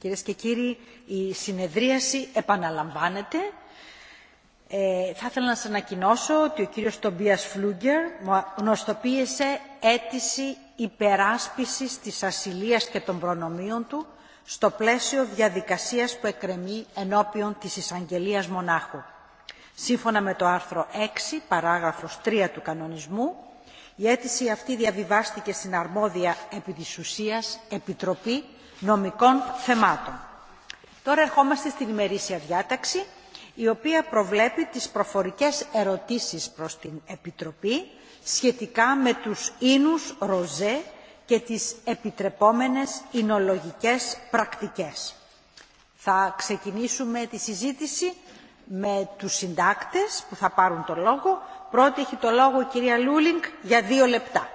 Κυρίες και κύριοι, η συνεδρίαση επαναλαμβάνεται. Ε, θα ήθελα να σας ανακοινώσω ότι ο κύριος Τομπίας Φλούγκερ γνωστοποίησε αίτηση υπεράσπισης της ασυλίας και των προνομίων του στο πλαίσιο διαδικασίας που εκκρεμεί ενώπιον της εισαγγελίας Μονάχου. Σύμφωνα με το άρθρο 6, παράγραφος 3 του κανονισμού, η αίτηση αυτή διαβιβάστηκε στην αρμόδια επί της ουσίας Επιτροπή Νομικών Θεμάτων. Τώρα ερχόμαστε στην ημερήσια διάταξη, η οποία προβλέπει τις προφορικές ερωτήσεις προς την Επιτροπή σχετικά με τους ίνους ροζέ και τις επιτρεπόμενες ινολογικές πρακτικές. Θα ξεκινήσουμε τη συζήτηση με τους συντάκτες που θα πάρουν το λόγο. Πρώτη έχει το λόγο η κυρία Λούλινγκ για δύο λεπτά.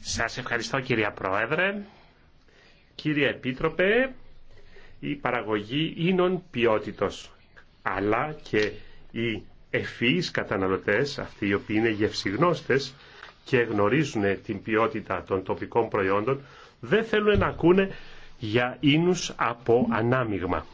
Σας ευχαριστώ κυρία Πρόεδρε. Κύριε Επίτροπε, η παραγωγή ίνων ποιότητος, αλλά και οι ευφυείς καταναλωτές, αυτοί οι οποίοι είναι γευσιγνώστες και γνωρίζουν την ποιότητα των τοπικών προϊόντων, δεν θέλουν να ακούνε για ίνους από ανάμειγμα.